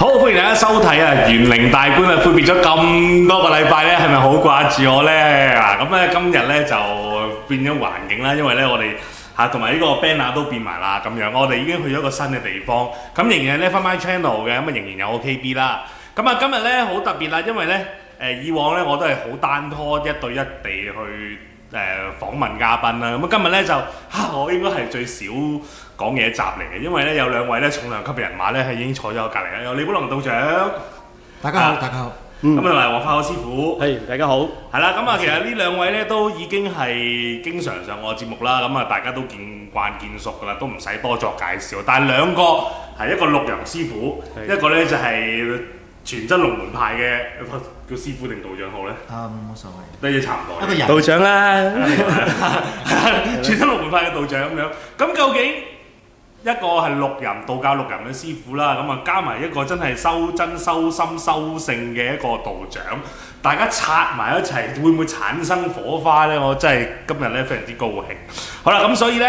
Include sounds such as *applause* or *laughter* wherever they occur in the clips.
好，歡迎大家收睇啊，玄靈大觀啊，闊別咗咁多個禮拜咧，係咪好掛住我咧？咁咧今日咧就變咗環境啦，因為咧我哋吓，同埋呢個 banner 都變埋啦咁樣，我哋已經去咗一個新嘅地方。咁仍然咧 for my channel 嘅，咁啊仍然有 K B 啦。咁啊今日咧好特別啦，因為咧誒以往咧我都係好單拖一對一地去。誒、呃、訪問嘉賓啦，咁啊今日咧就嚇我應該係最少講嘢集嚟嘅，因為咧有兩位咧重量級人馬咧係已經坐咗我隔籬啦，有李寶能道長。大家好，大家好。咁啊同埋王法鎧師傅，係。大家好，係啦，咁啊其實呢兩位咧都已經係經常上我嘅節目啦，咁啊大家都見慣見熟㗎啦，都唔使多作介紹，但係兩個係一個六壬師傅，的一個咧就係、是、全真龍門派嘅。 *laughs* 叫師傅定道長好呢？啊，冇所謂。都係差唔多。一個人道長啦，全真龍門派嘅道長咁樣。咁究竟一個係六壬道教六壬嘅師傅啦，咁啊加埋一個真係修真修心修性嘅一個道長，大家插埋一齊，會唔會產生火花呢？我真係今日呢非常之高興。好啦，咁所以呢。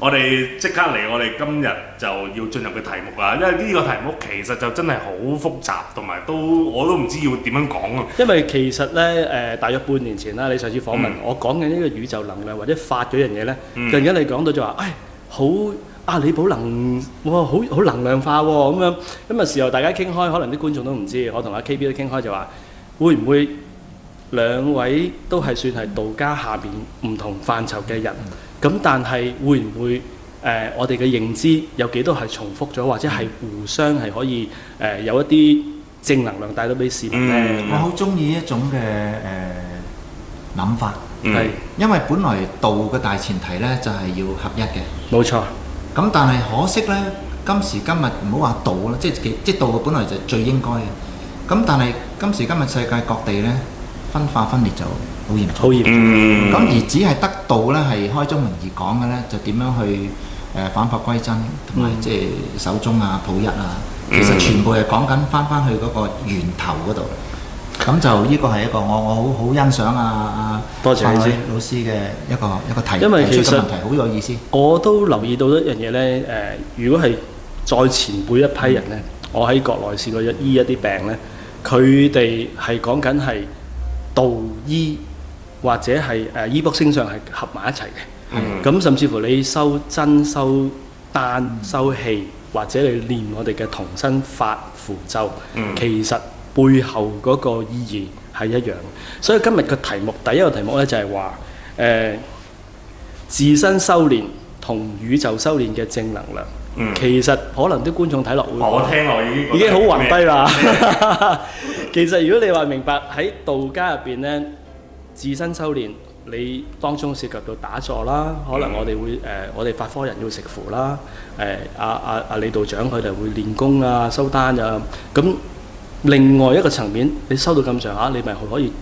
我哋即刻嚟，我哋今日就要進入嘅題目啦，因為呢個題目其實就真係好複雜，同埋都我都唔知要點樣講啊。因為其實呢，誒、呃，大約半年前啦，你上次訪問、嗯、我講緊呢個宇宙能量或者發咗樣嘢突然間你講到就話，唉、哎，好阿李、啊、寶能、哦、好好能量化喎、哦，咁樣今日時候大家傾開，可能啲觀眾都唔知，我同阿 K B 都傾開就話，會唔會兩位都係算係道家下邊唔同範疇嘅人？嗯咁但係會唔會誒我哋嘅認知有幾多係重複咗，或者係互相係可以誒有一啲正能量帶到俾市民咧？我好中意一種嘅誒諗法，係因為本來道嘅大前提咧就係要合一嘅，冇錯。咁但係可惜咧，今時今日唔好話道啦，即係即係道嘅本來就係最應該嘅。咁但係今時今日世界各地咧。分化分裂就好嚴重，嗯，咁而只係得到咧，係開宗明義講嘅咧，就點樣去誒返璞歸真，同埋即係守中啊、抱一啊，其實全部係講緊翻翻去嗰個源頭嗰度。咁就呢個係一個我我好好欣賞啊！多謝老師嘅一個一個提，因為其實問題好有意思。我都留意到一樣嘢咧，誒，如果係再前輩一批人咧，我喺國內試過醫一啲病咧，佢哋係講緊係。道醫或者係誒醫卜星相係合埋一齊嘅，咁甚至乎你修真、修丹、修氣，或者你練我哋嘅童身法符咒，其實背後嗰個意義係一樣。所以今日嘅題目，第一個題目呢就係話誒自身修練同宇宙修練嘅正能量。嗯，其實可能啲觀眾睇落會，我聽我已經已經好暈低啦。其實如果你話明白喺道家入邊咧，自身修練你當中涉及到打坐啦，可能我哋會誒，我哋法科人要食符啦，誒阿阿阿李道長佢哋會練功啊、收丹啊，咁另外一個層面，你收到咁上下，你咪可以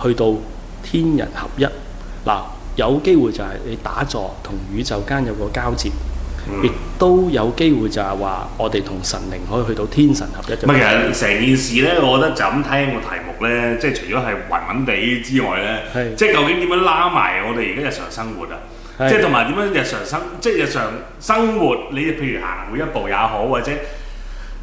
去到天人合一。嗱，有機會就係你打坐同宇宙間有個交接。亦、嗯、都有機會就係話，我哋同神靈可以去到天神合一。唔、嗯、這樣 其實成件事咧，嗯、我覺得就咁聽個題目咧，即係除咗係混混地之外咧，是即係究竟點樣拉埋我哋而家日常生活啊？是即係同埋點樣日常生活？即係日常生活，你譬如行每一步也好，或者，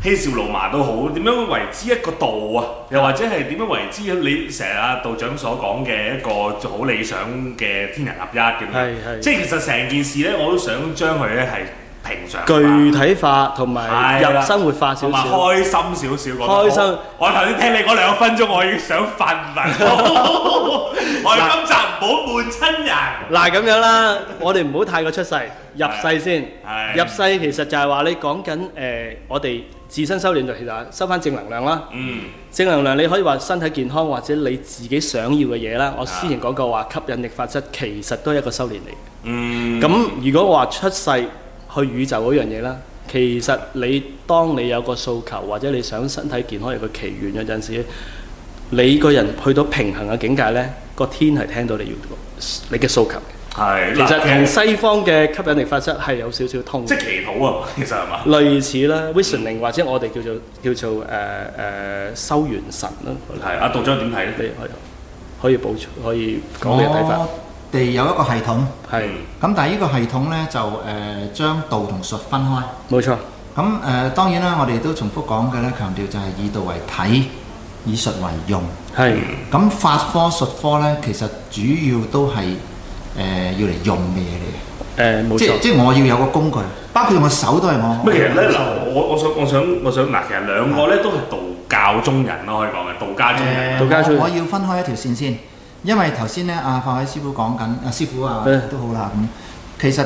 嬉笑怒罵都好，點樣為之一個道啊？又或者係點樣為之？你成日啊道長所講嘅一個好理想嘅天人合一點樣？即係其實成件事咧，我都想將佢咧係平常具體化同埋入生活化的少少許，開心少少。開心！我頭先聽你嗰兩個分鐘，我已經想瞓埋。 *laughs* *laughs* *laughs* 我寶貝親人嗱，咁樣啦， *laughs* 我哋唔好太過出世入世先，入世其實就係話你講緊，誒，我哋自身修煉就其實收翻正能量啦。嗯、正能量你可以話身體健康或者你自己想要嘅嘢啦。的我之前講過話吸引力法則其實都係一個修練嚟嘅。咁、嗯、如果話出世去宇宙嗰樣嘢啦，其實你當你有個訴求或者你想身體健康一個祈願嗰陣時。你個人去到平衡嘅境界咧，個天係聽到你要你嘅訴求嘅。係，其實同西方嘅吸引力法則係有少少通。即係祈禱啊，其實係嘛？類似啦 visioning 或者我哋叫做叫做誒誒、呃啊、修元神啦。係啊，道長點睇咧？可以可以補充，可以講睇法。我哋有一個系統係咁，嗯、但係呢個系統咧就誒、呃、將道同術分開。冇錯。咁誒、呃、當然啦，我哋都重複講嘅咧，強調就係以道為體，以術為用，係咁是法科術科咧，其實主要都係誒要嚟用嘅嘢嚟嘅，誒冇錯，即係我要有個工具，包括我手都係我，么我，我，我，我。其實咧嗱，我我想我想我想嗱，其實兩個咧都係道教中人咯，可以講嘅道家中人。呃、道家我，我要分開一條線先，因為頭先咧阿法鎧師傅講緊阿師傅啊都的好啦咁，其實。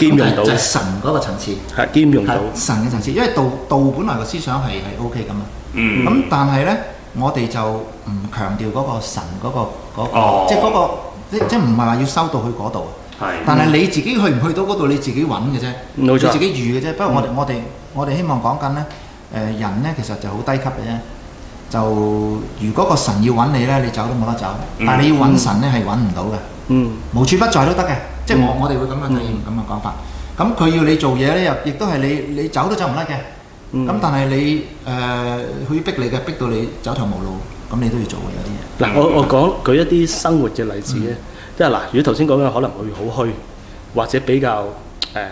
兼容到嘅神嗰個層次係兼容到神嘅層次，因為道道本來個思想係係 OK 咁啊。嗯，咁但係咧，我哋就唔強調嗰個神嗰個嗰個，即係嗰個即即唔係話要修到去嗰度。係，但係你自己去唔去到嗰度，你自己揾嘅啫，你自己遇嘅啫。不過我哋我哋我哋希望講緊咧，誒人咧其實就好低級嘅啫，就如果個神要揾你咧，你走都冇得走。嗯，但係你要揾神咧係揾唔到嘅。嗯，無處不在都得嘅。即係我我哋會咁樣睇，咁樣講法。咁佢要你做嘢咧，又亦都係你你走都走唔甩嘅。咁但係你誒，佢逼你嘅，逼到你走投無路，咁你都要做嘅有啲嘢。嗱，我我講舉一啲生活嘅例子咧，即係嗱，如果頭先講嘅可能會好虛，或者比較誒。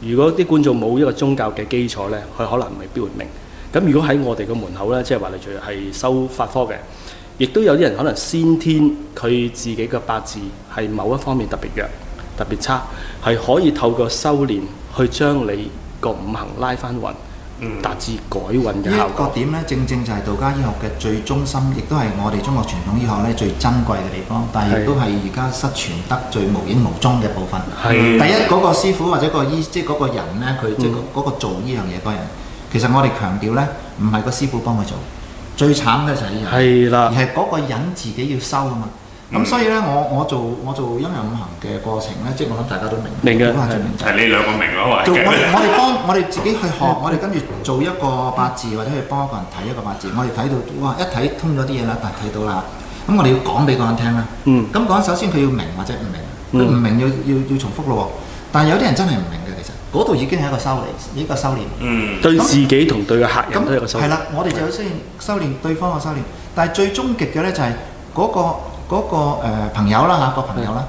如果啲觀眾冇一個宗教嘅基礎咧，佢可能未必會明。咁如果喺我哋嘅門口咧，即係話你著係修法科嘅，亦都有啲人可能先天佢自己嘅八字係某一方面特別弱。特別差，係可以透過修煉去將你個五行拉返勻，達至改運嘅效果。呢個點咧，正正就係道家醫學嘅最中心，亦都係我哋中國傳統醫學咧最珍貴嘅地方，但係亦都係而家失傳得最無影無蹤嘅部分。係第一嗰個師傅或者個醫，即係嗰個人咧，佢即係嗰個做呢樣嘢個人。其實我哋強調咧，唔係個師傅幫佢做，最慘嘅就係呢樣。係啦，而係嗰個人自己要修啊嘛。咁所以咧，我我做我做陰陽五行嘅過程咧，即係我諗大家都明，明應明，就係你兩個明咯，我哋幫我哋自己去學，我哋跟住做一個八字，或者去幫一個人睇一個八字。我哋睇到哇，一睇通咗啲嘢啦，但係睇到啦。咁我哋要講俾個人聽啦。咁講首先佢要明或者唔明，佢唔明要要要重複咯。但係有啲人真係唔明嘅，其實嗰度已經係一個修煉，一個修煉。嗯。對自己同對個客人，都係一個修煉。係啦，我哋就要先修煉對方嘅修煉，但係最終極嘅咧就係嗰個。嗰個誒朋友啦，嚇，個朋友啦，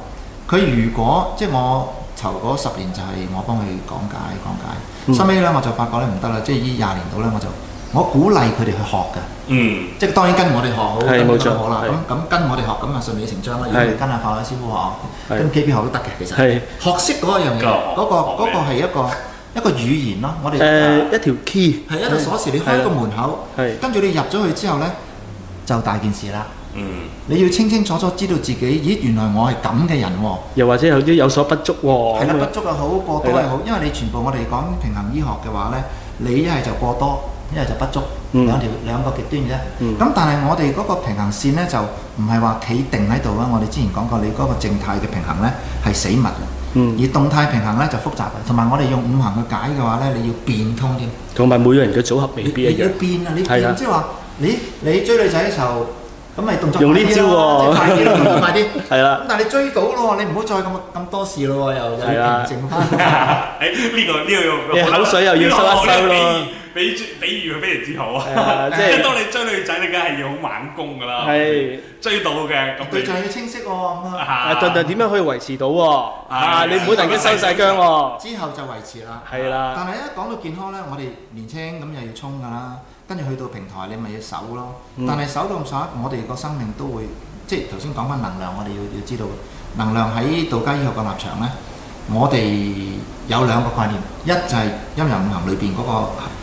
佢如果即係我籌嗰十年就係我幫佢講解講解。收尾咧我就發覺咧唔得啦，即係依廿年度咧我就，我鼓勵佢哋去學嘅，嗯，即係當然跟我哋學好，跟都好啦，咁咁跟我哋學咁啊順理成章啦，如果跟阿法鎧師傅學，跟 K B 學都得嘅其實，係學識嗰一樣嘢，嗰個嗰個係一個一個語言咯，我哋誒一條 key 係一條鎖匙，你開個門口，跟住你入咗去之後咧就大件事啦。嗯，你要清清楚楚知道自己，咦，原來我係咁嘅人喎，又或者有啲有所不足喎，係啦，不足又好，過多又好，因為你全部我哋講平衡醫學嘅話咧，你一係就過多，一係就不足，兩條兩個極端啫，咁但係我哋嗰個平衡線咧就唔係話企定喺度啊，我哋之前講過，你嗰個靜態嘅平衡咧係死物嘅，而動態平衡咧就複雜，同埋我哋用五行去解嘅話咧，你要變通添，同埋每個人嘅組合未必一樣，你變啊，你變，即係話你你追女仔嘅時候。咁咪動作用呢招喎，快啲，快啲，係啦。咁但係你追到咯，你唔好再咁咁多事咯，又又剩翻。誒呢個呢個要，你口水又要收一收咯。比比喻非常之好啊，即係當你追女仔，你梗係要好猛攻㗎啦。係追到嘅對象要清晰喎，咁啊。係。但係點樣可以維持到喎？啊，你唔好突然間收曬姜喎。之後就維持啦。係啦。但係一講到健康咧，我哋年青咁又要衝㗎啦。跟住去到平台，你咪要守咯。但係守到咁上下，我哋個生命都會，即係頭先講翻能量，我哋要要知道能量喺道家醫學嘅立場咧。我哋有兩個概念，一就係陰陽五行裏邊嗰個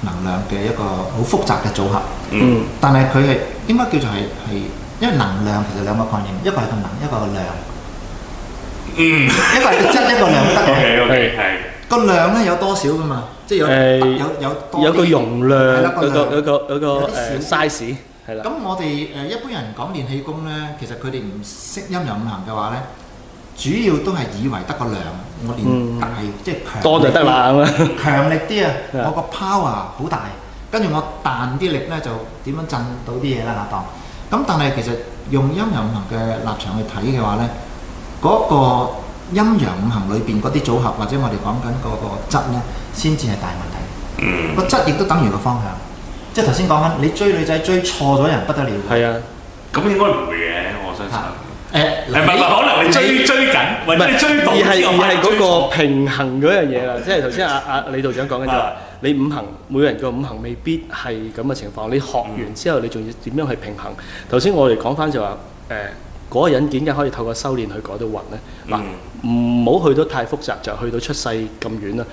能量嘅一個好複雜嘅組合。嗯。但係佢係應該叫做係係，因為能量其實兩個概念，一個係個能，一個係個量。嗯。一個係質，一個量。得。OK OK 係。個量咧，有多少噶嘛？即係有、呃、有有有，有個容量，個量有個有個有小、uh, size，係啦。咁我哋誒一般人講練氣功咧，其實佢哋唔識陰陽五行嘅話咧，主要都係以為得個量，我練大、嗯、即係強多就得啦，咁 *laughs* 強力啲啊，我個 power 好大，跟住我彈啲力咧就點樣震到啲嘢啦，下當。咁但係其實用陰陽五行嘅立場去睇嘅話咧，嗰、嗰個陰陽五行裏邊嗰啲組合，或者我哋講緊嗰個質咧，先至係大問題。個質亦都等於個方向，即係頭先講緊你追女仔追錯咗人不得了。係啊，咁應該唔會嘅，我相信。誒，唔係唔可能你追追緊，或者你追到之後反而。而係而係嗰個平衡嗰樣嘢啦，即係頭先阿阿李道長講嘅就話，你五行每人個五行未必係咁嘅情況，你學完之後你仲要點樣去平衡？頭先我哋講翻就話誒。嗰個人點解可以透過修練去改到運呢？嗱唔好去到太複雜，就去到出世咁遠啦。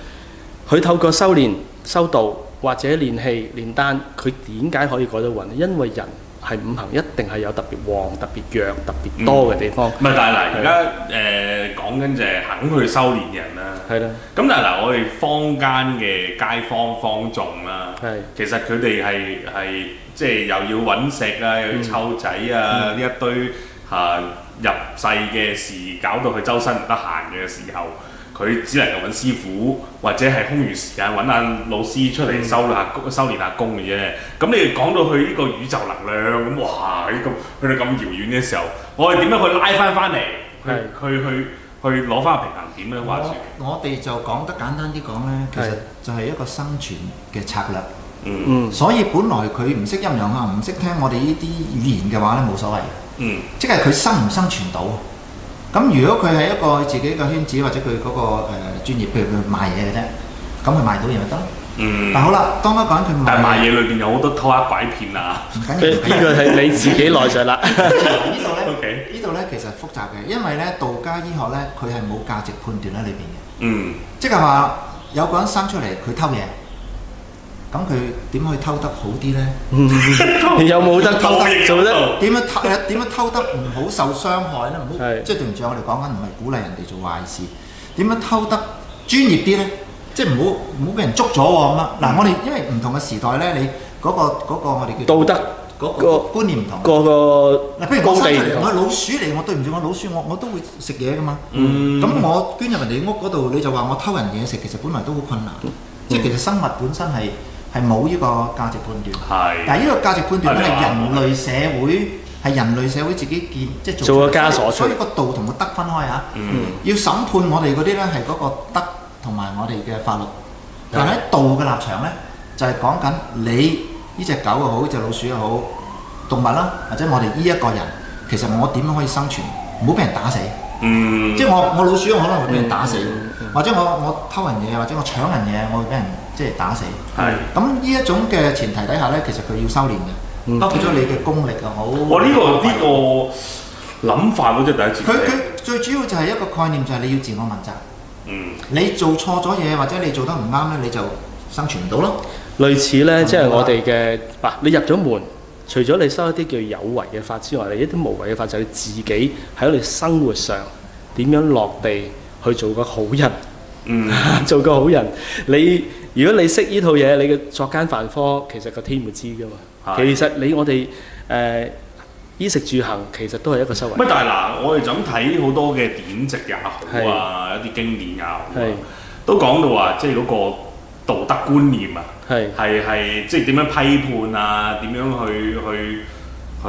佢透過修練、修道或者練氣、練丹，佢點解可以改到運呢？因為人係五行一定係有特別旺、特別弱、特別多嘅地方。唔係，但嗱，而家誒講緊就係肯去修練人啦。係啦。咁但係嗱，我哋坊間嘅街坊坊眾啦，其實佢哋係係即係又要揾食啊，又要湊仔啊，呢一堆。誒、啊、入世嘅事搞到佢周身唔得閒嘅時候，佢只能夠揾師傅，或者係空餘時間揾下老師出嚟修下修練下功嘅啫。咁你哋講到佢呢個宇宙能量咁，哇！咁去到咁遙遠嘅時候，我哋點樣去拉翻翻嚟？去去去去攞翻個平衡點咧？話我哋就講得簡單啲講咧，其實就係一個生存嘅策略。嗯嗯是，所以本來佢唔識音量啊，唔識聽我哋呢啲語言嘅話咧，冇所謂。嗯，即係佢生唔生存到？咁如果佢係一個自己個圈子，或者佢嗰、嗰個誒專、呃、業，譬如佢賣嘢嘅啫，咁佢賣到嘢咪得。嗯，但好啦，當一個人賣，但賣面拐拐，但賣嘢裏邊有好多偷啊、拐騙啊，呢 *laughs* 個係你自己內在啦。 *laughs* *laughs* 呢度咧，呢度咧其實複雜嘅，因為咧道家醫學咧，佢係冇價值判斷喺裏邊嘅。嗯，即係話有個人生出嚟，佢偷嘢。咁佢點可以偷得好啲咧？你有冇得偷得做得？點樣偷？點樣偷得唔好受傷害咧？即係對唔住我哋講緊，唔係鼓勵人哋做壞事。點樣偷得專業啲咧？即係唔好唔好俾人捉咗喎咁啊！嗱，我哋因為唔同嘅時代咧，你嗰個嗰個我哋叫道德嗰個觀念唔同嗰個。嗱，譬如講生嚟嘅老鼠嚟，我對唔住我老鼠，我我都會食嘢噶嘛。咁我捐入人哋屋嗰度，你就話我偷人嘢食，其實本來都好困難。即係其實生物本身係。係冇呢個價值判斷。係，但係呢個價值判斷咧係人類社會，係人類社會自己建，即係做。做咗枷鎖。所以個道同個德分開啊。嗯。要審判我哋嗰啲咧係嗰個德同埋我哋嘅法律。但係喺道嘅立場咧，就係講緊你呢隻狗又好，呢隻老鼠又好，動物啦，或者我哋呢一個人，其實我點樣可以生存？唔好俾人打死。嗯。即係我，我老鼠可能會俾人打死。或者我我偷人嘢，或者我搶人嘢，我會俾人即係打死。係是。咁呢一種嘅前提底下咧，其實佢要修煉嘅，包括咗你嘅功力又好。我呢個呢個諗法，我真係第一次。佢佢最主要就係一個概念，就係、是、你要自我問責。嗯。你做錯咗嘢，或者你做得唔啱咧，你就生存唔到咯。類似咧，即係、嗯、我哋嘅，嗱、啊，你入咗門，除咗你修一啲叫有為嘅法之外，你一啲無為嘅法就係、是、你自己喺你生活上點樣落地。去做個好人，嗯，做個好人。你如果你識呢套嘢，你嘅作奸犯科其實個天會知嘅喎。的其實你我哋誒、呃、衣食住行其實都係一個修為。乜但係嗱，我哋就咁睇好多嘅典籍也好啊，的有啲經典也好、啊，的都講到話即係嗰個道德觀念啊，係係係，即係點樣批判啊，點樣去去。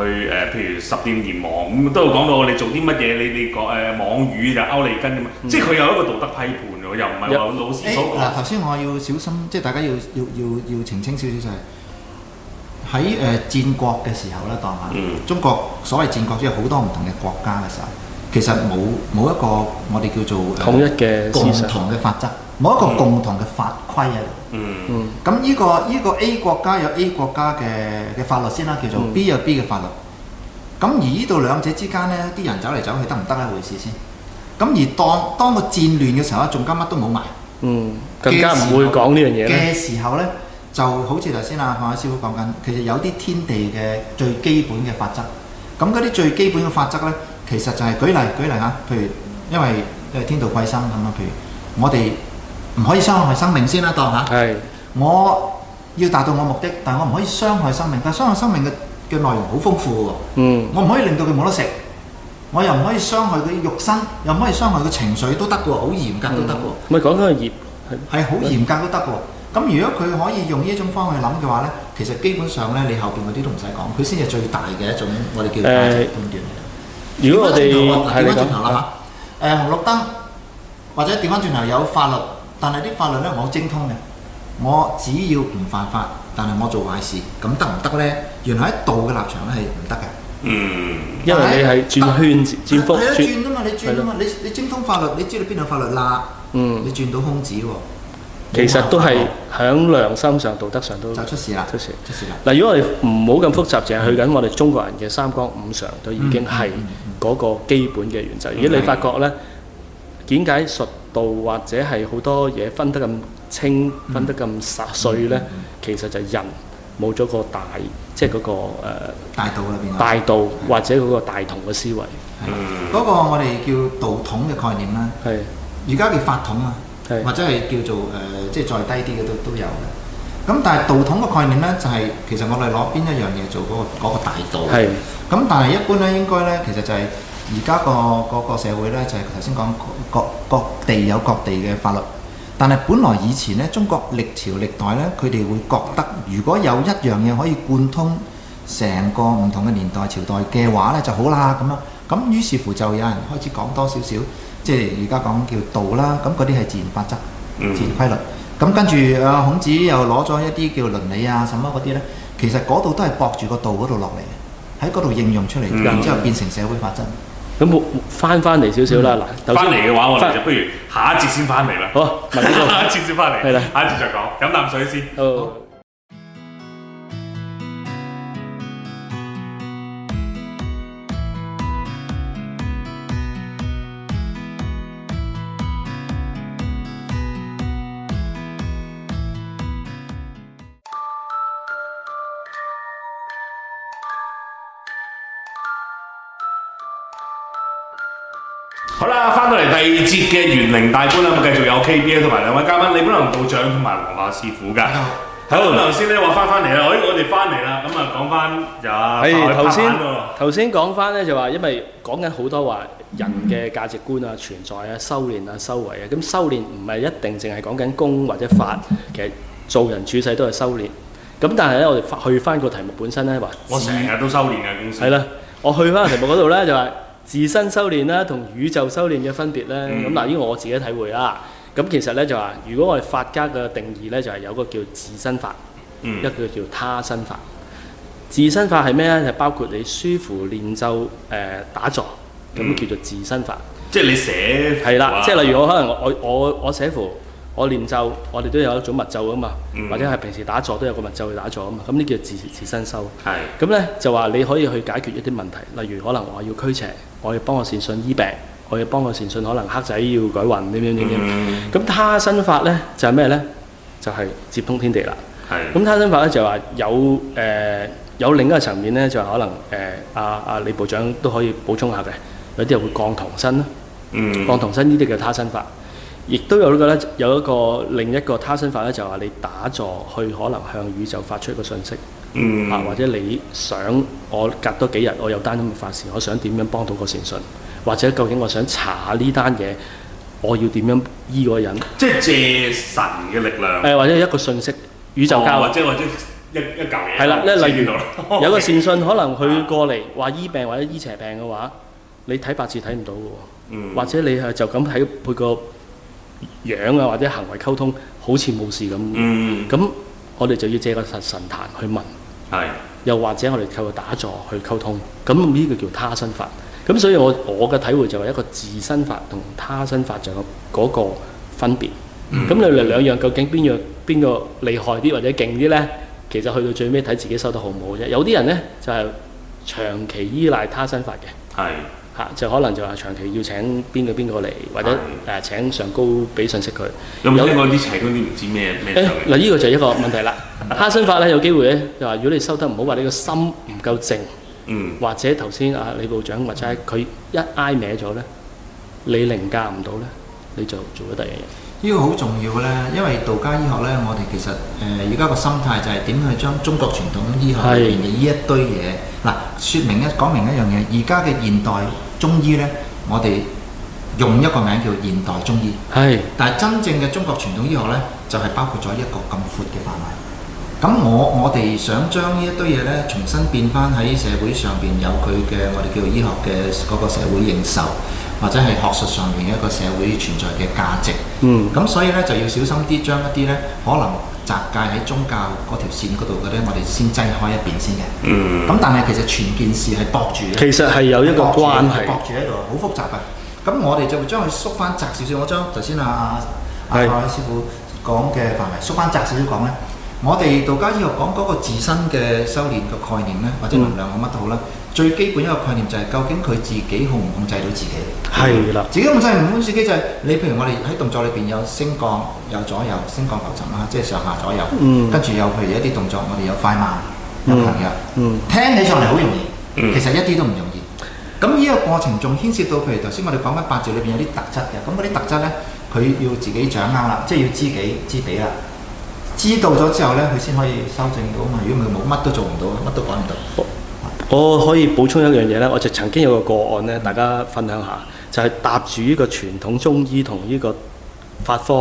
去誒，譬如十殿閻王，咁，都有講到我哋做啲乜嘢，你你講誒網魚就勾脷筋，點啊？即係佢有一個道德批判喎，又唔係話老師嗱。頭先我要小心，即係大家要要要要澄清少少就係喺誒戰國嘅時候咧，當下中國所謂戰國即係好多唔同嘅國家嘅時候，其實冇冇一個我哋叫做統一嘅共同嘅法則。某一個共同嘅法規啊、mm. 嗯，嗯，咁依、呢個依、呢個 A 國家有 A 國家嘅嘅法律先啦，啊，叫做 B、嗯、有 B 嘅法律。咁而呢度兩者之間呢啲人走嚟走去得唔得呢？回事先。咁而當當個戰亂嘅時候，仲加乜都冇埋，嗯，更加唔會講呢樣嘢嘅時候呢，就好似頭先阿阿鎧師傅講緊，其實有啲天地嘅最基本嘅法則。咁嗰啲最基本嘅法則呢，其實就係、是、舉例舉例啊。譬如因為因天道貴生咁啊，譬如我哋。我唔可以傷害生命先啦，當下。係，我要達到我目的，但係我唔可以傷害生命。但係傷害生命嘅嘅內容好豐富喎。嗯。我唔可以令到佢冇得食，我又唔可以傷害佢肉身，又唔可以傷害佢情緒都得喎，好嚴格都得喎。唔係講緊係嚴係，係好嚴格都得喎。咁如果佢可以用呢種方法去諗嘅話咧，其實基本上咧，你後邊嗰啲都唔使講，佢先係最大嘅一種我哋叫價值判斷。如果我哋係咁，誒紅綠燈或者調翻轉頭有法律。但係啲法律咧，我精通嘅。我只要唔犯法，但係我做壞事，咁得唔得咧？原來喺道嘅立場咧係唔得嘅，因為你係轉圈轉轉轉啊嘛，你轉啊嘛，你你精通法律，你知道邊度法律罅，嗯，你轉到空子喎。其實都係喺良心上、道德上都就出事啦，出事出事啦。嗱，如果我哋唔好咁複雜，淨係去緊我哋中國人嘅三綱五常，都已經係嗰個基本嘅原則。如果你發覺咧，點解術？道或者係好多嘢分得咁清、分得咁瑣碎咧，其實就人冇咗個大，即係嗰個誒大道裏邊啊，大道或者嗰個大同嘅思維，嗰個我哋叫道統嘅概念啦。係，而家叫法統啊，或者係叫做誒，即係再低啲嘅都都有嘅。咁但係道統嘅概念咧，就係其實我哋攞邊一樣嘢做嗰個嗰個大道。係。咁但係一般咧，應該咧，其實就係。而家個個社會呢，就係頭先講各各地有各地嘅法律，但係本來以前呢，中國歷朝歷代呢，佢哋會覺得如果有一樣嘢可以貫通成個唔同嘅年代朝代嘅話呢，就好啦咁樣。咁於是乎就有人開始講多少少，即係而家講叫道啦。咁嗰啲係自然法則、mm hmm. 自然規律。咁跟住啊孔子又攞咗一啲叫倫理啊什麼嗰啲呢，其實嗰度都係駁住個道嗰度落嚟，喺嗰度應用出嚟，mm hmm. 然之後變成社會法則。咁翻翻嚟少少啦，嗱、嗯，翻嚟嘅話我哋就回不如下一節先翻嚟啦，好， *laughs* 下一次先翻嚟，的下一節再講，飲啖水先。好好啦，翻到嚟第二節嘅玄靈大觀啦，咁繼續有 KBS 同埋兩位嘉賓李寶能道長同埋王法鎧師傅噶。好，頭先咧我翻翻嚟啦，我我哋翻嚟啦，咁啊講翻又頭先頭先講翻咧就話，因為講緊好多話人嘅價值觀啊、存在啊、修練啊、修為啊，咁修練唔係一定淨係講緊功或者法，其實做人處世都係修練。咁但係咧，我哋去翻個題目本身咧話，我成日都修練嘅公司。係啦，我去翻題目嗰度咧就係。自身修練啦、啊，同宇宙修練嘅分別咧，咁嗱依我自己嘅體會啦。咁其實咧就話，如果我哋法家嘅定義咧，就係、是、有個叫自身法，嗯、一個叫他身法。自身法係咩咧？就包括你書符練咒誒打坐，咁叫做自身法。嗯、即係你寫係、嗯、啦，即係例如我可能我我我寫符。我唸咒，我哋都有一種密咒啊嘛，或者係平時打坐都有個密咒去打坐啊嘛，咁呢叫自自身修。係是，咁咧就話你可以去解決一啲問題，例如可能我要驅邪，我要幫我善信醫病，我要幫我善信可能黑仔要改運點點。咁他身法咧就係咩咧？就係、是就是、接通天地啦。係是。咁他身法咧就話有誒、呃、有另一個層面咧，就係、是、可能誒阿阿李道長都可以補充下嘅，有啲人會降童身咯，嗯、降童身呢啲叫他身法。亦都有呢個咧，有一個另一個他身法咧，就係、是、話你打坐去可能向宇宙發出一個訊息，嗯、啊或者你想我隔多幾日我有單嘅法事，我想點樣幫到個善信，或者究竟我想查呢單嘢，我要點樣醫嗰人？即係借神嘅力量。誒、哎、或者一個訊息宇宙交、哦、或者或者一一嚿嘢。係啦、啊，例如 okay. 有個善信可能佢過嚟話醫病或者醫邪病嘅話，你睇八字睇唔到嘅喎。嗯、或者你係就咁睇。配個。樣啊，或者行為溝通好似冇事咁，咁、嗯、我哋就要借個神神壇去問，的又或者我哋透過打坐去溝通，咁呢個叫他身法，咁所以我我嘅體會就係一個自身法同他身法上有嗰個分別，咁、嗯、你哋兩樣究竟邊樣邊個厲害啲或者勁啲呢？其實去到最尾睇自己修得好唔好啫，有啲人呢，就係、是、長期依賴他身法嘅。嚇，就可能就話長期要請邊個邊個嚟，或者誒請上高俾信息佢。有冇另外啲請嗰啲唔知咩咩就？誒嗱，依個就係一個問題啦。哈新法咧有機會咧，就話如果你收得唔好，話你個心唔夠靜，嗯，或者頭先啊李部長或者佢一挨歪咗咧，你凌駕唔到咧，你就做咗第二樣嘢。依個好重要咧，因為道家醫學咧，我哋其實誒而家個心態就係點去將中國傳統醫學入面嘅依一堆嘢嗱，説明一講明一樣嘢，而家嘅現代。中醫呢，我哋用一個名叫現代中醫，係，但係真正嘅中國傳統醫學呢，就係包括咗一個咁闊嘅範圍。咁我我哋想將呢一堆嘢呢，重新變翻喺社會上邊有佢嘅我哋叫做醫學嘅嗰個社會認受，或者係學術上面一個社會存在嘅價值。嗯，咁所以呢，就要小心啲，將一啲呢可能。集界喺宗教嗰條線嗰度咧，我哋先擠開一邊先嘅。嗯。咁但係其實全件事係駁住嘅，其實係有一個關係駁住喺度，好複雜嘅。咁我哋就會將佢縮翻窄少少。我將頭先阿阿阿師傅講嘅範圍縮翻窄少少講咧。我哋道家醫學講嗰個自身嘅修煉個概念咧，或者能量有乜都好啦。嗯、最基本一個概念就係、是、究竟佢自己控唔控制到自己？係啦的，自己控制唔控制自己就係，你譬如我哋喺動作裏邊有升降，有左右升降浮沉啦，即係上下左右。嗯、跟住又譬如一啲動作，我哋有快慢，有強弱。嗯。聽起上嚟好容易，嗯、其實一啲都唔容易。咁呢個過程仲牽涉到譬如頭先我哋講緊八字裏邊有啲特質嘅，咁嗰啲特質咧，佢要自己掌握啦，即係要知己知彼啦。知道咗之後咧，佢先可以修正到嘛。如果佢冇乜都做唔到，乜都改唔到我。我可以補充一樣嘢咧，我就曾經有個個案咧，大家分享下，就係搭住呢個傳統中醫同呢個法科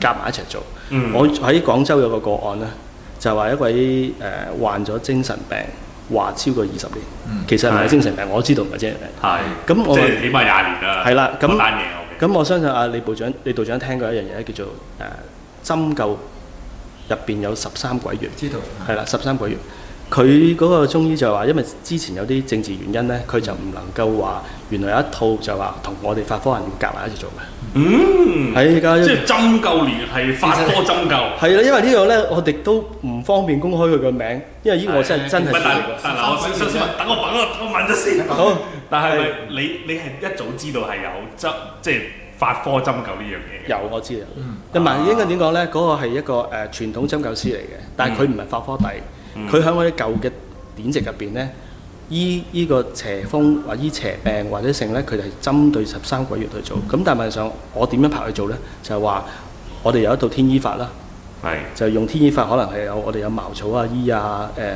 夾埋一齊做。嗯、我喺廣州有個個案咧，就係一位誒、呃、患咗精神病，話超過二十年，嗯、其實唔係精神病，的我知道嘅啫。係的。咁我即係起碼廿年啦。係啦，咁咁、okay、我相信啊李部長、李道長聽過一樣嘢叫做誒針灸。入邊有十三鬼穴，知道，係啦，十三鬼穴。佢嗰個中醫就係話，因為之前有啲政治原因咧，佢就唔能夠話原來有一套就話同我哋法科人要夾埋一齊做嘅。嗯，係而家即係針灸聯繫法科針灸。係啦，因為個呢個咧，我哋都唔方便公開佢嘅名，因為呢個我真係真係的等我問一，我問一先。好，但係你的你係一早知道係有執即係。就是法科針灸呢樣嘢有我知啊，同埋應該點講咧？嗰個係一個誒傳統針灸師嚟嘅，但係佢唔係法科底，佢喺我啲舊嘅典籍入邊咧，醫呢個邪風或醫邪病或者性咧，佢就係針對十三鬼穴去做。咁但係上我點樣拍佢做咧？就係話我哋有一套天醫法啦，就用天醫法，可能係有我哋有茅草啊、醫啊、誒誒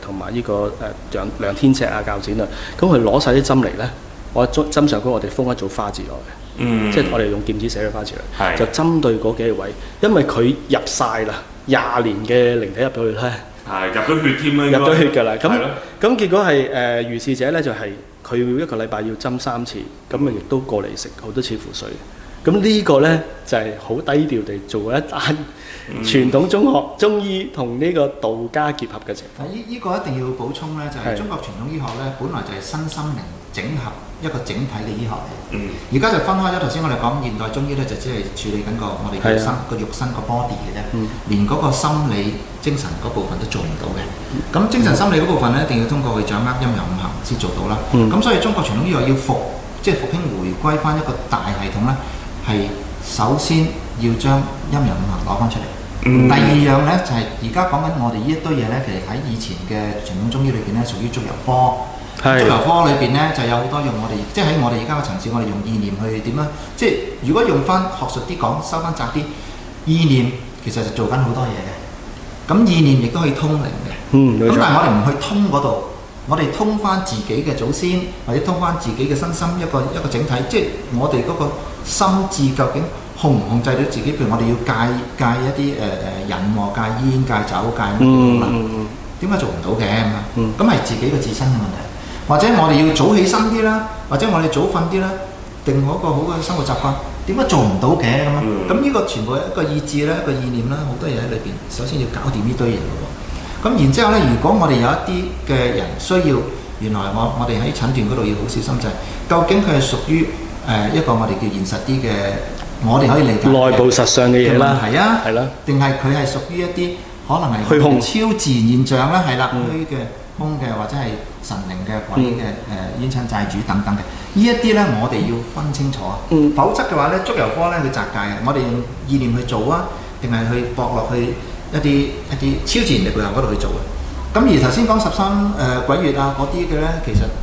同埋呢個誒量量天尺啊、較剪啊，咁佢攞晒啲針嚟咧，我針上高我哋封一組花字落嘅。嗯，即係我哋用劍紙寫咗翻出嚟，是就針對嗰幾個位，因為佢入晒啦，廿年嘅靈體入咗去咧，係入咗血添啊，入咗血㗎啦，咁咁結果係誒如是者咧，就係佢要一個禮拜要針三次，咁啊的亦都過嚟食好多次符水，咁呢個咧就係、是、好低調地做一單。傳統中學中醫同呢個道家結合嘅情況，呢依個一定要補充呢，就係中國傳統醫學呢，本來就係身心靈整合一個整體嘅醫學嚟。而家、嗯、就分開咗，頭先我哋講現代中醫呢，就只係處理緊個我哋肉身個的肉身個 body 嘅啫，嗯、連嗰個心理精神嗰部分都做唔到嘅。咁、嗯、精神心理嗰部分呢，一定要通過去掌握陰陽五行先做到啦。咁、嗯、所以中國傳統醫學要復，即係復興，回歸翻一個大系統呢，係首先要將陰陽五行攞翻出嚟。嗯、第二樣呢，就係而家講緊我哋呢一堆嘢呢，其實喺以前嘅傳統中醫裏邊呢，屬於祝由科。祝是由科裏邊呢，就有好多用我哋，即係喺我哋而家嘅層次，我哋用意念去點樣？即係如果用翻學術啲講，收翻窄啲，意念其實就做緊好多嘢嘅。咁意念亦都可以通靈嘅。咁、嗯、但係我哋唔去通嗰度，我哋通翻自己嘅祖先，或者通翻自己嘅身心一個一個整體。即係我哋嗰個心智究竟控唔控制到自己，譬如我哋要戒戒一啲誒誒飲，戒煙、戒酒、戒乜嘢咁啦。點解做唔到嘅咁啊？咁係自己嘅自身嘅問題，或者我哋要早起身啲啦，或者我哋早瞓啲啦，定好一個好嘅生活習慣。點解做唔到嘅咁啊？咁呢個全部係一個意志啦，一個意念啦，好多嘢喺裏邊。首先要搞掂呢堆嘢嘅喎。咁然之後咧，如果我哋有一啲嘅人需要，原來我我哋喺診斷嗰度要好小心，就係，究竟佢係屬於誒一個我哋叫現實啲嘅。我哋可以理解內部實相嘅嘢啦，係啊，係咯，定係佢係屬於一啲可能係超自然現象啦，係啦，虛嘅、空嘅或者係神靈嘅、鬼嘅、誒冤親債主等等嘅，呢一啲咧我哋要分清楚啊，否則嘅話咧，祝由科咧去紮界嘅，我哋用意念去做啊，定係去駁落去一啲一啲超自然嘅領域嗰度去做嘅。咁而頭先講十三誒鬼月啊嗰啲嘅咧，其實。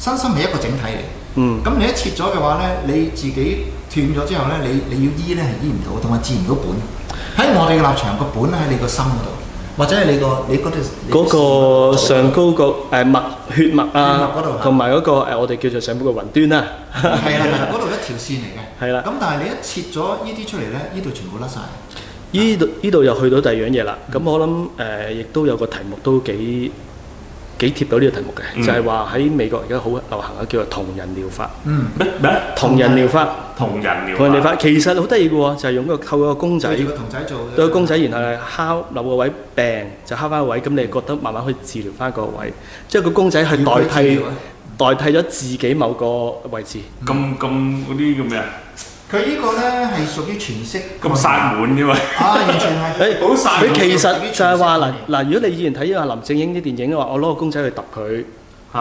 身心係一個整體嚟，嗯，咁你一切咗嘅話咧，你自己斷咗之後咧，你你要醫咧係醫唔到，同埋治唔到本。喺我哋嘅立場，個本喺你個心嗰度，或者係你個你嗰條嗰個上高個誒脈血脈啊，同埋嗰個、呃、我哋叫做上高個雲端啦、啊，係啦，嗰度一條線嚟嘅，係啦的。咁但係你一切咗呢啲出嚟咧，呢度全部甩晒。呢度呢度又去到第二樣嘢啦。咁我諗誒，亦、呃、都、呃、有個題目都幾。幾貼到呢個題目嘅，就係話喺美國而家好流行啊，叫做同人療法。嗯，乜乜同人療法？同人療法其實好得意嘅喎，就係用嗰個透過個公仔，要個童仔做對個公仔，然後敲留個位病，就敲翻個位，咁你覺得慢慢可以治療翻個位，即係個公仔去代替代替咗自己某個位置。咁咁嗰啲叫咩啊？佢呢個咧係屬於全息，咁薩滿嘅嘛。啊，完全係，誒，好薩滿。佢其實就係話，嗱嗱，如果你以前睇阿林正英啲電影嘅話，我攞個公仔去揼佢，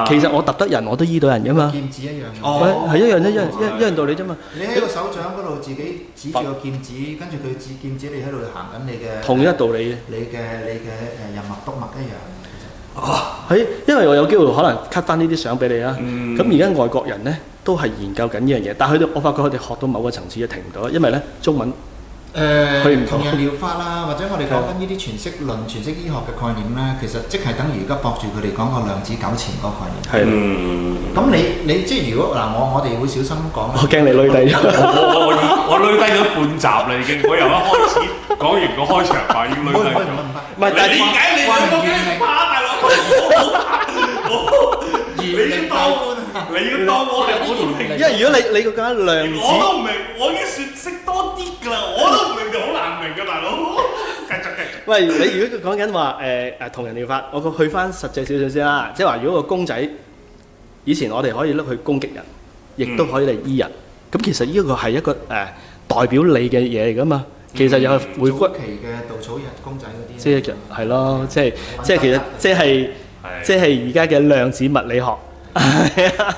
其實我揼得人我都醫到人嘅嘛。劍指一樣，哦，係一樣啫，一一樣道理啫嘛。你喺個手掌嗰度自己指住個劍指，跟住佢指劍指，你喺度行緊你嘅，同一道理嘅，你嘅你嘅誒人物督物一樣。哇！因為我有機會可能 cut 翻呢啲相俾你啦。咁而家外國人咧都係研究緊呢樣嘢，但係佢哋我發覺佢哋學到某個層次就停唔到，因為咧中文誒，佢唔同嘅療法啦，或者我哋講翻呢啲全息論、全息醫學嘅概念咧，其實即係等於而家搏住佢哋講個量子糾纏嗰個概念。係。咁你你即係如果嗱，我我哋會小心講。我驚你累低咗。我我累低咗半集你嘅，我由一開始講完個開場話要累低。唔係，但係點解你你要當我，你要當我，因為如果你你個加量子，我都唔明，我已經算識多啲㗎啦，我都唔明，就好難明㗎，大佬。繼續繼續。喂，你如果講緊話誒誒同人鬥法，我個去返實際少少先啦，即係話如果個公仔以前我哋可以擸佢攻擊人，亦都可以嚟醫人，咁其實呢個係一個誒代表你嘅嘢嚟㗎嘛。其實有回歸期嘅稻草人公仔嗰啲，即係係咯，即係即係其實即係即係而家嘅量子物理學。係啊，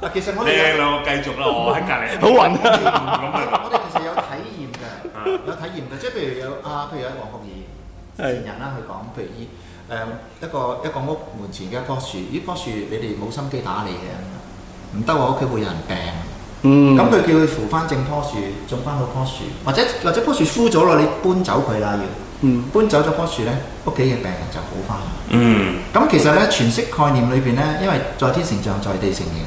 嗱，其實我哋兩個繼續啦，我喺隔籬。好暈啊！我哋其實有體驗㗎，有體驗㗎，即係譬如有啊，譬如有一個王鳳儀，善人啦，佢講，譬如以誒一個一個屋門前嘅一棵樹，呢棵樹你哋冇心機打理嘅，唔得，我屋企會有人病。嗯，咁佢叫佢扶翻正棵樹，種翻好棵樹，或者或者棵樹枯咗咯，你搬走佢啦要，嗯，搬走咗棵樹咧，屋企嘅病人就好翻。嗯，咁其實咧，全息概念裏邊咧，因為在天成像，在地成形，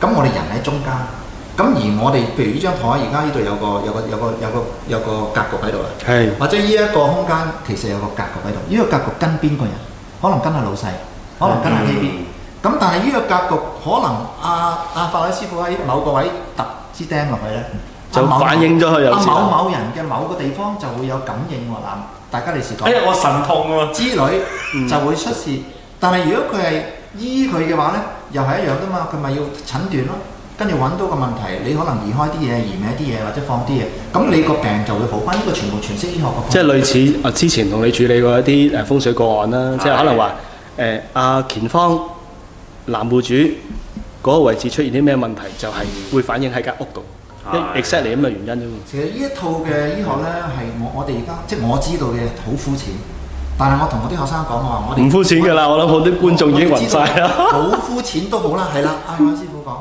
咁我哋人喺中間，咁而我哋譬如呢張台而家呢度有個有個有個有個有個格局喺度啊，係，或者呢一個空間其實有個格局喺度，呢個格局跟邊個人？可能跟阿老細，可能跟阿 A B。咁但係呢個格局可能阿、啊、阿、啊、法鎧師傅喺某個位揼支釘落去咧，就反映咗佢有，啊某某人嘅某個地方就會有感應喎嗱，大家你時講。因呀，我神痛喎、啊。 *laughs* 之旅就會出事，但係如果佢係醫佢嘅話咧，又係一樣噶嘛，佢咪要診斷咯，跟住揾到個問題，你可能移開啲嘢，移歪啲嘢，或者放啲嘢，咁你個病就會好翻。呢個全部全息醫學嘅。即係類似我、啊、之前同你處理過一啲誒風水個案啦，即係 *laughs* 可能話誒阿乾方。南戶主嗰，那個位置出現啲咩問題，就係，是，會反映喺間屋度，哎、呀，exactly 咁嘅原因啫。其實呢一套嘅醫學咧，係我我哋而家即係我知道嘅好膚淺，但係我同我啲學生講，我話我哋唔膚淺㗎啦。我諗好啲觀眾已經暈曬啦。好 *laughs* 膚淺都好啦，係啦，阿、哎、馬師傅講，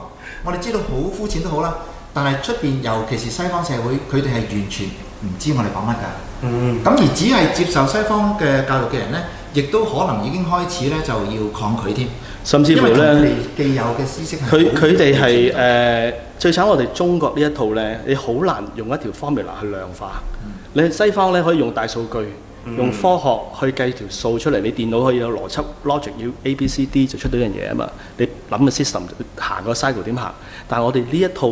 我哋知道好膚淺都好啦，但係出邊尤其是西方社會，佢哋係完全唔知我哋講乜㗎。咁，嗯、而只係接受西方嘅教育嘅人咧，亦都可能已經開始咧就要抗拒添。甚至乎咧，既有嘅知識佢佢哋係誒最慘。我哋中國呢一套咧，你好難用一條 formula 去量化。你西方咧，可以用大數據、用科學去計條數出嚟，你電腦可以有邏輯 logic，要 A、B、C、D 就出到樣嘢啊嘛。你諗個 system 行個 cycle 點行？但係我哋呢一套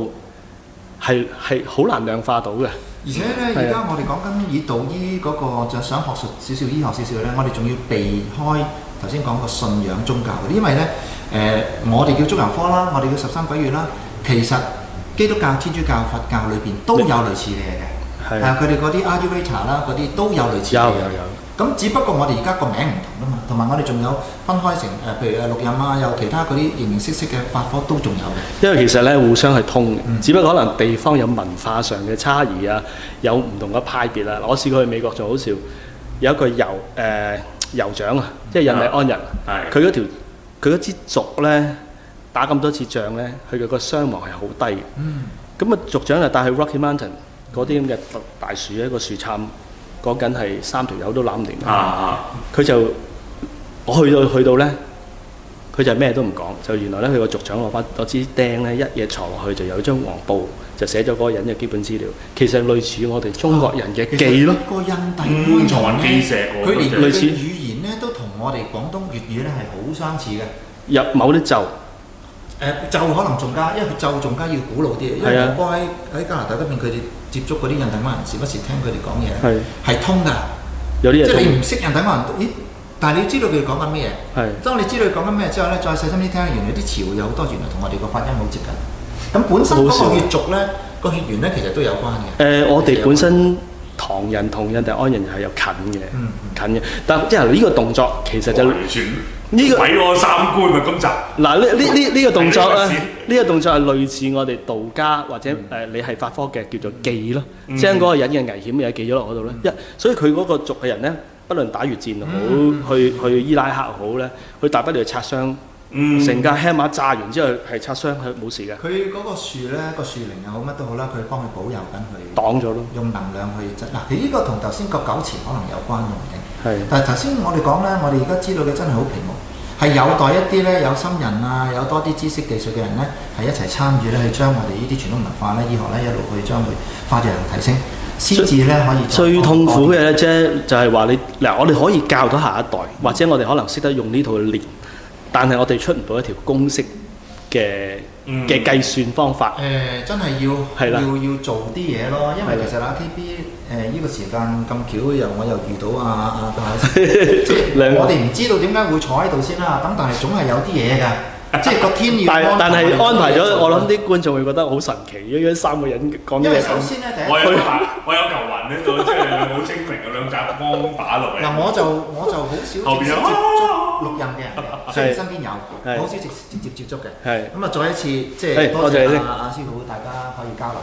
係係好難量化到嘅。而且咧，而家我哋講緊以道醫嗰個，就係想學術少少、醫學少少咧，我哋仲要避開。頭先講個信仰宗教，因為咧誒、呃，我哋叫足教科啦，我哋叫十三鬼月啦。其實基督教、天主教、佛教裏邊都有類似嘅嘢嘅，係啊，佢哋嗰啲阿育吠茶啦，嗰啲都有類似嘅。有有有。咁只不過我哋而家個名唔同啊嘛，同埋我哋仲有分開成誒，譬、呃、如誒六壬啊，有其他嗰啲形形色色嘅法科都仲有嘅。因為其實咧互相係通嘅，嗯、只不過可能地方有文化上嘅差異啊，有唔同嘅派別啊。我試過去美國仲好笑，有一個由誒。呃呃酋長啊，即係印尼安人，佢嗰、啊、條佢嗰支族咧打咁多次仗咧，佢個個傷亡係好低嘅。咁、嗯那個、啊，族長就帶去 Rocky Mountain 嗰啲咁嘅大樹一個樹杉，講緊係三條友都攬唔掂。佢就我去到去到咧，佢就咩都唔講，就原來咧佢個族長攞把攞支釘咧，一嘢鋤落去就有張黃布。就寫咗嗰個人嘅基本資料，其實類似我哋中國人嘅記咯。個印第安藏記石，佢、嗯、連他類似語言咧都同我哋廣東粵語咧係好相似嘅。入某啲咒，誒就、呃、可能仲加，因為佢就仲加要古老啲。係啊，我喺喺加拿大嗰邊，佢哋接觸嗰啲印第安人，時不時聽佢哋講嘢，係是通㗎。有啲人即係你唔識印第安人，但係你知道佢哋講緊咩？係是當你知道佢講緊咩之後咧，再細心啲聽，原來啲詞會有好多原來同我哋個發音好接近。咁本身嗰個血族咧，個血緣咧其實都有關嘅。誒，我哋本身唐人同印第安人係有近嘅，近嘅。但即係呢個動作其實就呢個毀我三觀啊！咁雜。嗱，呢呢呢呢個動作咧，呢個動作係類似我哋道家或者誒你係法科嘅叫做記咯，將嗰個人嘅危險嘢記咗落嗰度咧。一所以佢嗰個族嘅人咧，不論打越戰好，去去伊拉克好咧，佢大不了擦傷。嗯，成架輕馬炸完之後係擦傷，佢冇事嘅。佢嗰個樹咧，個樹齡又好，乜都好啦，佢幫佢保佑緊佢，擋咗咯。用能量去增嗱，依個同頭先個九池可能有關嘅。係。但係頭先我哋講咧，我哋而家知道嘅真係好皮毛，係有待一啲咧有心人啊，有多啲知識技術嘅人咧，係一齊參與咧，去將我哋依啲傳統文化咧、醫學咧一路去將佢發揚提升。先至咧可以最痛苦嘅啫，即係就係話你嗱，我哋可以教到下一代，或者我哋可能識得用呢套嚟。但係我哋出唔到一條公式嘅嘅計算方法。誒，真係要要要做啲嘢咯，因為其實啦，T B，誒依個時間咁巧，又我又遇到阿阿太，即係我哋唔知道點解會坐喺度先啦。咁但係總係有啲嘢㗎，即係個天要。但但係安排咗，我諗啲觀眾會覺得好神奇，依家三個人講啲嘢。因為首先咧，我有我有嚿雲呢度，即係兩好精明嘅兩盞光打落嚟。嗱，我就我就好少。後邊。錄音嘅，所以身邊有，好少直直接接觸嘅。咁啊，再一次，即係多謝阿阿師傅，大家可以交流。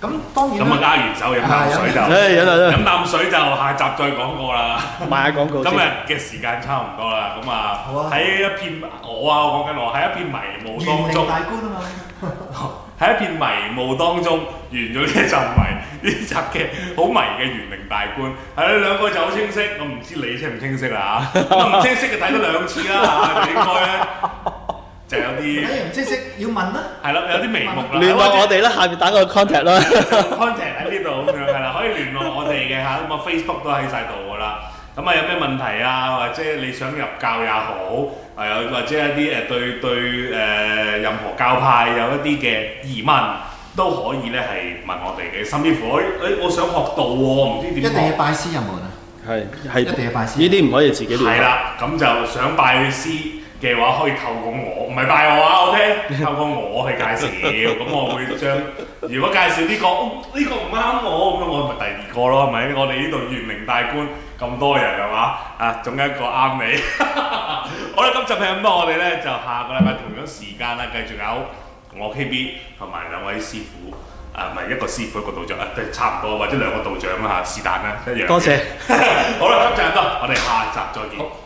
咁當然，咁啊，握完手，飲啖水就，飲啖水就，下集再講過啦。賣下廣告。今日嘅時間差唔多啦，咁啊，喺一片我啊講緊我喺一片迷霧當中。玄靈大觀啊嘛。喺一片迷霧當中，完咗呢一集迷呢集嘅 *laughs* 好迷嘅玄靈大觀，係你兩個就好清晰，我唔知你清唔清晰啦嚇，唔、 *laughs* 啊哎、清晰就睇咗兩次啦嚇，就應該就有啲唔清晰要問啦、啊，係啦，有啲眉目，啊、了聯絡我哋啦，為下面打個 contact 啦，contact 喺呢度咁樣係啦，可以聯絡我哋嘅嚇，咁 *laughs* 啊 Facebook 都喺晒度噶啦。咁啊，有咩問題啊？或者你想入教也好，係啊，或者一啲誒對對誒任何教派有一啲嘅疑問，都可以咧係問我哋嘅。甚至乎，誒，我想學道喎，唔知點？一定要拜師入門啊！係係，一定要拜師。呢啲唔可以自己亂講。係啦，咁就想拜師嘅話可以透過我，唔係拜我啊，我聽，透過我去介紹，咁 *laughs* 我會將如果介紹呢、呢個呢、哦呢個唔啱我，咁樣我咪第二個咯，咪我哋呢度玄靈大觀咁多人係嘛啊，總有一個啱你。 *laughs* 好啦，今集係咁多，我哋咧就下個禮拜同樣時間啊，繼續有我 K B 同埋兩位師傅啊，唔係一個師傅一個道長啊，都係差唔多或者兩個道長啦，是但啦，一樣。多謝，謝。 *laughs* 好啦，今集咁多， *laughs* 我哋下集再見。